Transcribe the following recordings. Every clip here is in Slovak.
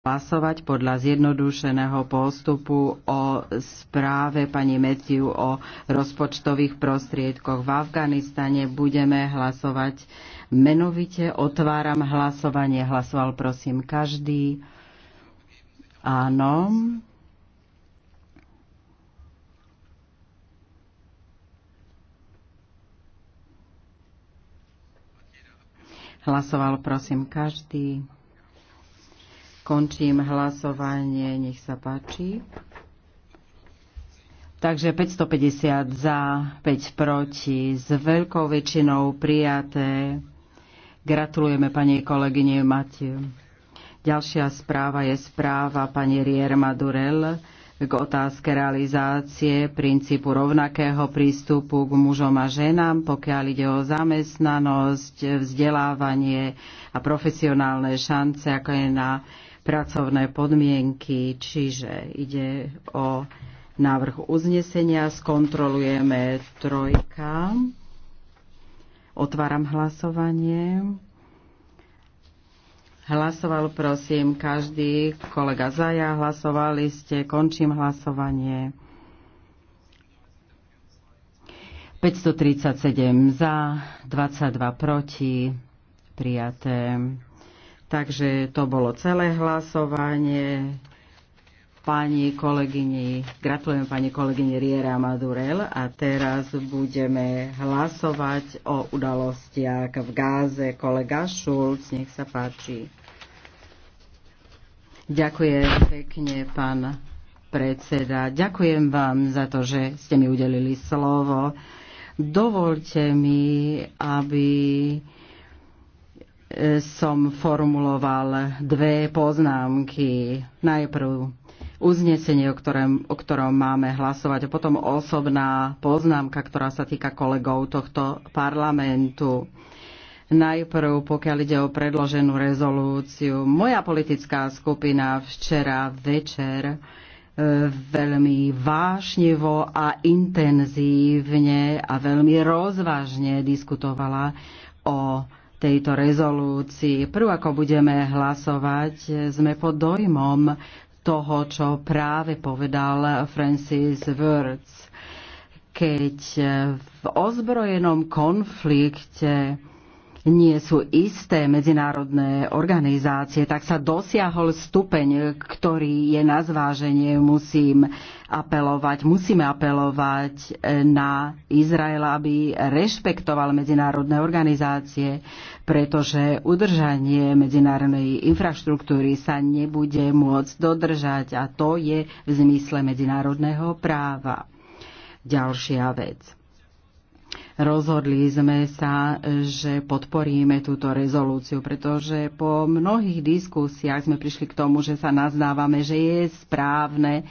hlasovať podľa zjednodušeného postupu o správe pani Metiu o rozpočtových prostriedkoch v Afganistane. Budeme hlasovať menovite. Otváram hlasovanie. Hlasoval prosím každý. Áno. Hlasoval prosím každý. Končím hlasovanie, nech sa páči. Takže 550 za, 5 proti, s veľkou väčšinou prijaté. Gratulujeme pani kolegyne Matiu. Ďalšia správa je správa pani Rierma Durel k otázke realizácie princípu rovnakého prístupu k mužom a ženám, pokiaľ ide o zamestnanosť, vzdelávanie a profesionálne šance, ako je na pracovné podmienky, čiže ide o návrh uznesenia, skontrolujeme trojka, otváram hlasovanie. Hlasoval prosím každý kolega Zaja, hlasovali ste, končím hlasovanie. 537 za, 22 proti, prijaté. Takže to bolo celé hlasovanie. Pani kolegyni, gratulujem pani kolegyni Riera Madurel a teraz budeme hlasovať o udalostiach v Gáze. Kolega Šulc, nech sa páči. Ďakujem pekne, pán predseda. Ďakujem vám za to, že ste mi udelili slovo. Dovolte mi, aby som formuloval dve poznámky. Najprv uznesenie, o ktorom, o ktorom máme hlasovať, a potom osobná poznámka, ktorá sa týka kolegov tohto parlamentu. Najprv, pokiaľ ide o predloženú rezolúciu, moja politická skupina včera večer e, veľmi vášnevo a intenzívne a veľmi rozvážne diskutovala o tejto rezolúcii. Prv, ako budeme hlasovať, sme pod dojmom toho, čo práve povedal Francis Wurz. Keď v ozbrojenom konflikte nie sú isté medzinárodné organizácie, tak sa dosiahol stupeň, ktorý je na zváženie. Musím apelovať, musíme apelovať na Izrael, aby rešpektoval medzinárodné organizácie, pretože udržanie medzinárodnej infraštruktúry sa nebude môcť dodržať a to je v zmysle medzinárodného práva. Ďalšia vec Rozhodli sme sa, že podporíme túto rezolúciu, pretože po mnohých diskusiách sme prišli k tomu, že sa nazdávame, že je správne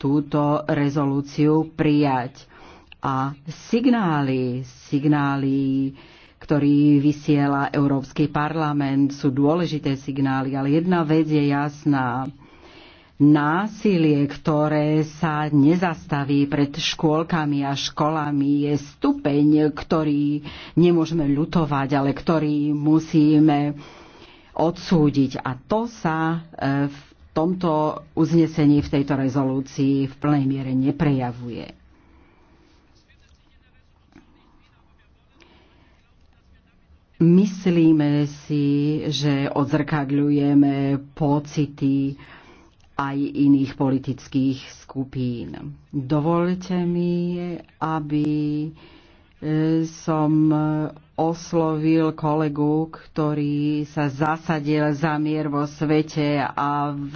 túto rezolúciu prijať. A signály, signály, ktorý vysiela Európsky parlament, sú dôležité signály, ale jedna vec je jasná Násilie, ktoré sa nezastaví pred škôlkami a školami, je stupeň, ktorý nemôžeme ľutovať, ale ktorý musíme odsúdiť. A to sa e, v tomto uznesení, v tejto rezolúcii v plnej miere neprejavuje. Myslíme si, že odzrkadľujeme pocity, aj iných politických skupín. Dovolte mi, aby e, som oslovil kolegu, ktorý sa zasadil za mier vo svete a v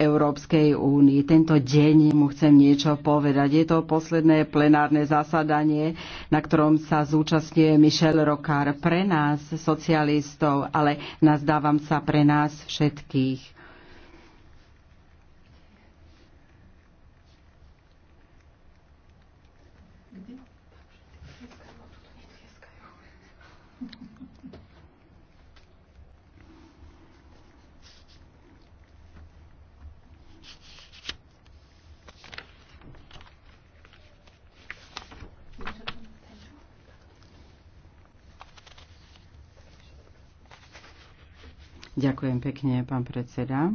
Európskej únii. Tento deň mu chcem niečo povedať. Je to posledné plenárne zasadanie, na ktorom sa zúčastňuje Michel Rokár pre nás, socialistov, ale nazdávam sa pre nás všetkých Ďakujem pekne, pán predseda.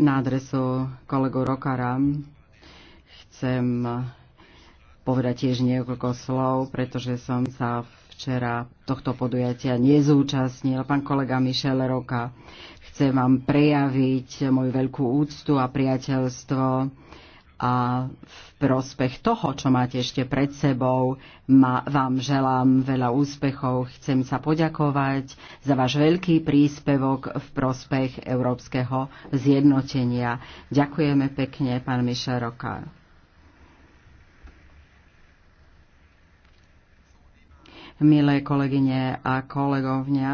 Na adresu kolegu Rokara chcem povedať tiež niekoľko slov, pretože som sa včera tohto podujatia nezúčastnil. Pán kolega Michel Roka, chcem vám prejaviť moju veľkú úctu a priateľstvo a v prospech toho, čo máte ešte pred sebou, ma, vám želám veľa úspechov. Chcem sa poďakovať za váš veľký príspevok v prospech európskeho zjednotenia. Ďakujeme pekne, pán Mišel Rokár. Milé kolegyne a kolegovňa,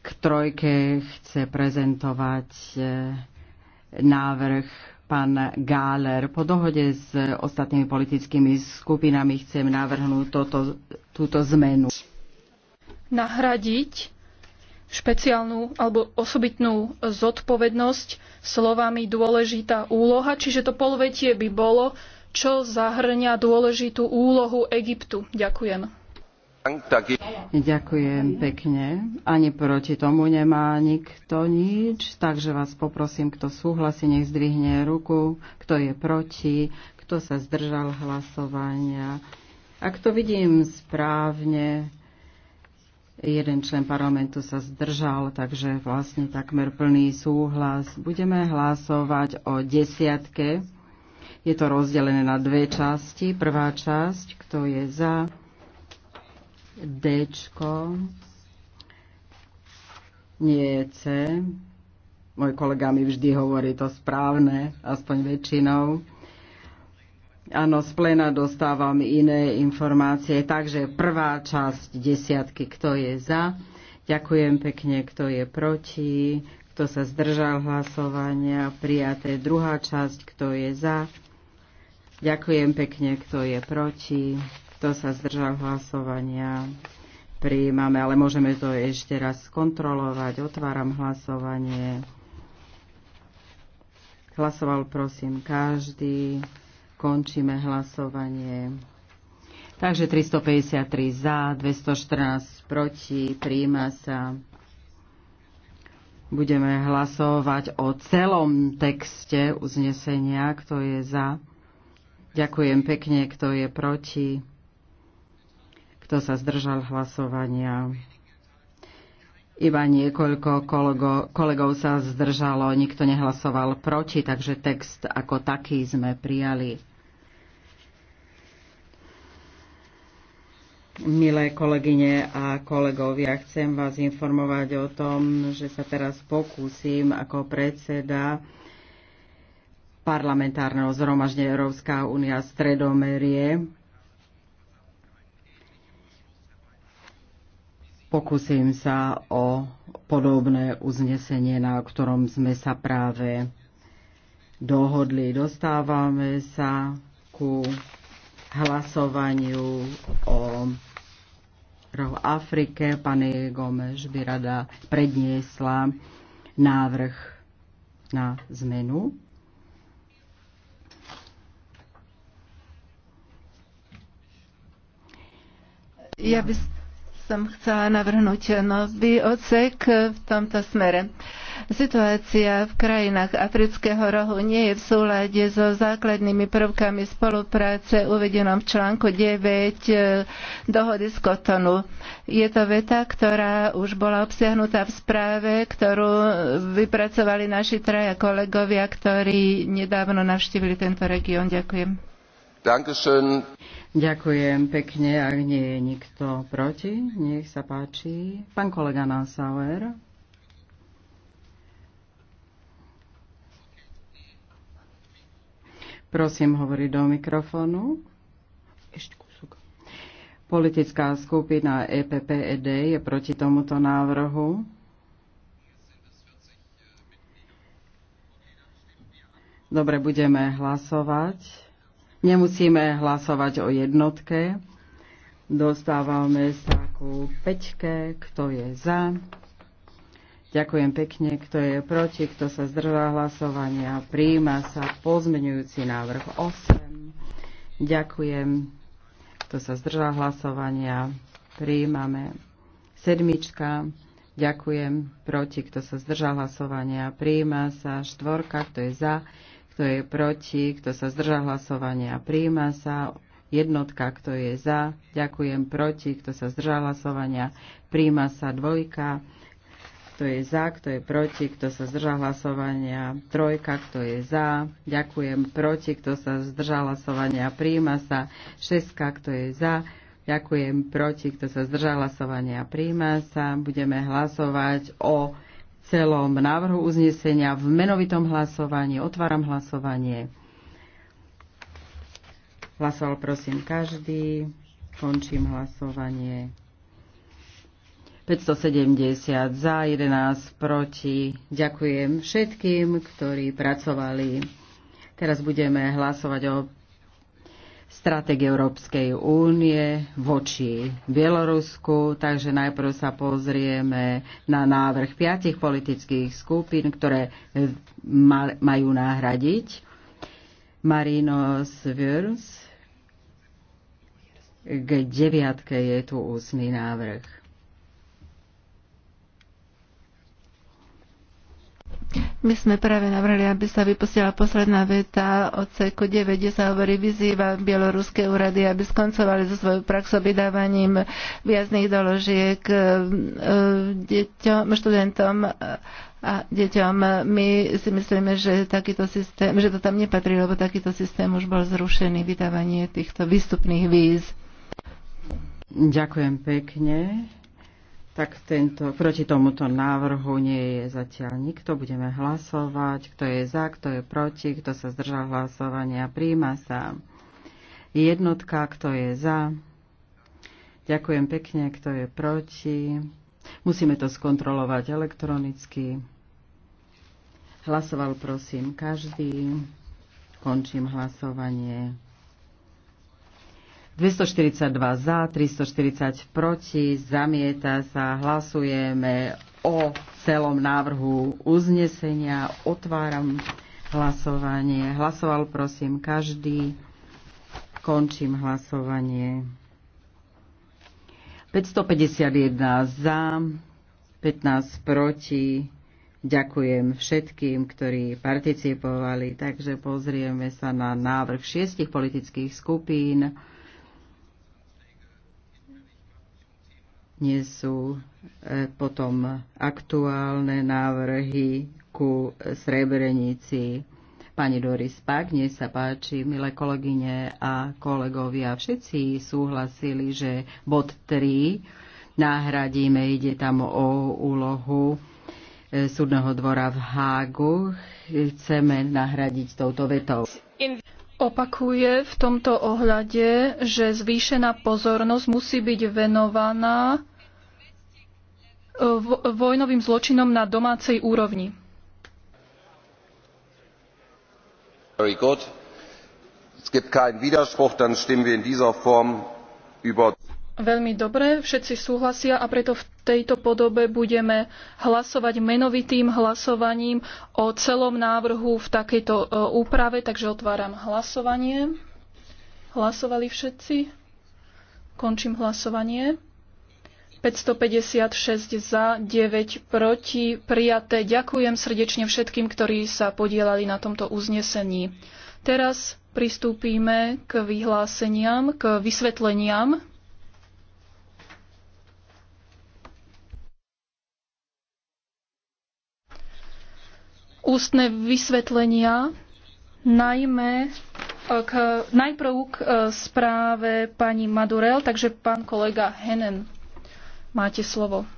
k trojke chce prezentovať eh, návrh pán Gáler. Po dohode s ostatnými politickými skupinami chcem navrhnúť toto, túto zmenu. Nahradiť špeciálnu alebo osobitnú zodpovednosť slovami dôležitá úloha, čiže to polvetie by bolo, čo zahrňa dôležitú úlohu Egyptu. Ďakujem. Ďakujem pekne. Ani proti tomu nemá nikto nič, takže vás poprosím, kto súhlasí, nech zdvihne ruku, kto je proti, kto sa zdržal hlasovania. Ak to vidím správne, jeden člen parlamentu sa zdržal, takže vlastne takmer plný súhlas. Budeme hlasovať o desiatke. Je to rozdelené na dve časti. Prvá časť, kto je za, D, nie je C. Môj kolega mi vždy hovorí to správne, aspoň väčšinou. Áno, z plena dostávam iné informácie, takže prvá časť desiatky, kto je za. Ďakujem pekne, kto je proti, kto sa zdržal hlasovania, prijaté druhá časť, kto je za. Ďakujem pekne, kto je proti. Kto sa zdržal hlasovania? Prijímame, ale môžeme to ešte raz skontrolovať. Otváram hlasovanie. Hlasoval prosím každý. Končíme hlasovanie. Takže 353 za, 214 proti, príjma sa. Budeme hlasovať o celom texte uznesenia, kto je za. Ďakujem pekne, kto je proti. Kto sa zdržal hlasovania? Iba niekoľko kolego, kolegov sa zdržalo, nikto nehlasoval proti, takže text ako taký sme prijali. Milé kolegyne a kolegovia, chcem vás informovať o tom, že sa teraz pokúsim ako predseda parlamentárneho zhromaždenia Európska únia Stredomerie Pokúsim sa o podobné uznesenie, na ktorom sme sa práve dohodli. Dostávame sa ku hlasovaniu o v Afrike. Pani Gomeš by rada predniesla návrh na zmenu. Ja by som chcela navrhnúť nový odsek v tomto smere. Situácia v krajinách Afrického rohu nie je v súlade so základnými prvkami spolupráce uvedenom v článku 9 e, dohody z Kotonu. Je to veta, ktorá už bola obsiahnutá v správe, ktorú vypracovali naši traja kolegovia, ktorí nedávno navštívili tento región. Ďakujem. Dankeschön. Ďakujem pekne, ak nie je nikto proti. Nech sa páči. Pán kolega Nassauer. Prosím, hovorí do mikrofónu. Ešte kúsok. Politická skupina EPPED je proti tomuto návrhu. Dobre, budeme hlasovať. Nemusíme hlasovať o jednotke. Dostávame sa ku peťke, kto je za. Ďakujem pekne, kto je proti, kto sa zdržá hlasovania. Príjma sa pozmenujúci návrh 8. Ďakujem, kto sa zdržal hlasovania. Príjmame sedmička. Ďakujem, proti, kto sa zdržal hlasovania. Príjma sa štvorka, kto je za kto je proti, kto sa zdržal hlasovania, príjma sa. Jednotka, kto je za, ďakujem, proti, kto sa zdržal hlasovania, príjma sa. Dvojka, kto je za, kto je proti, kto sa zdržal hlasovania, trojka, kto je za, ďakujem, proti, kto sa zdržal hlasovania, príjma sa. Šestka, kto je za, ďakujem, proti, kto sa zdržal hlasovania, príjma sa. Budeme hlasovať o celom návrhu uznesenia v menovitom hlasovaní. Otváram hlasovanie. Hlasoval prosím každý. Končím hlasovanie. 570 za, 11 proti. Ďakujem všetkým, ktorí pracovali. Teraz budeme hlasovať o stratégie Európskej únie voči Bielorusku, takže najprv sa pozrieme na návrh piatich politických skupín, ktoré eh, majú nahradiť Marino Svirs. K deviatke je tu ústny návrh. My sme práve navrhli, aby sa vypustila posledná veta o ceku 9, kde sa hovorí, vyzýva bieloruské úrady, aby skoncovali so svojou praxou vydávaním viazných doložiek e, e, deťom, študentom a deťom. My si myslíme, že, takýto systém, že to tam nepatrí, lebo takýto systém už bol zrušený, vydávanie týchto výstupných víz. Ďakujem pekne tak tento, proti tomuto návrhu nie je zatiaľ nikto. Budeme hlasovať, kto je za, kto je proti, kto sa zdržal hlasovania, príjma sa. Jednotka, kto je za. Ďakujem pekne, kto je proti. Musíme to skontrolovať elektronicky. Hlasoval prosím každý. Končím hlasovanie. 242 za, 340 proti, zamieta sa, hlasujeme o celom návrhu uznesenia. Otváram hlasovanie. Hlasoval prosím každý. Končím hlasovanie. 551 za, 15 proti. Ďakujem všetkým, ktorí participovali. Takže pozrieme sa na návrh šiestich politických skupín. nie sú e, potom aktuálne návrhy ku Srebrenici. Pani Doris Pak, nech sa páči, milé kolegyne a kolegovia, všetci súhlasili, že bod 3 nahradíme, ide tam o úlohu e, súdneho dvora v Hágu. Chceme nahradiť touto vetou opakuje v tomto ohľade, že zvýšená pozornosť musí byť venovaná e, vojnovým zločinom na domácej úrovni. Very good. Es gibt keinen Widerspruch, dann stimmen wir in dieser Form über. Veľmi dobre, všetci súhlasia a preto v tejto podobe budeme hlasovať menovitým hlasovaním o celom návrhu v takejto e, úprave, takže otváram hlasovanie. Hlasovali všetci? Končím hlasovanie. 556 za, 9 proti, prijaté. Ďakujem srdečne všetkým, ktorí sa podielali na tomto uznesení. Teraz pristúpime k vyhláseniam, k vysvetleniam. ústne vysvetlenia, najmä e, k, najprv k e, správe pani Madurel, takže pán kolega Henen, máte slovo.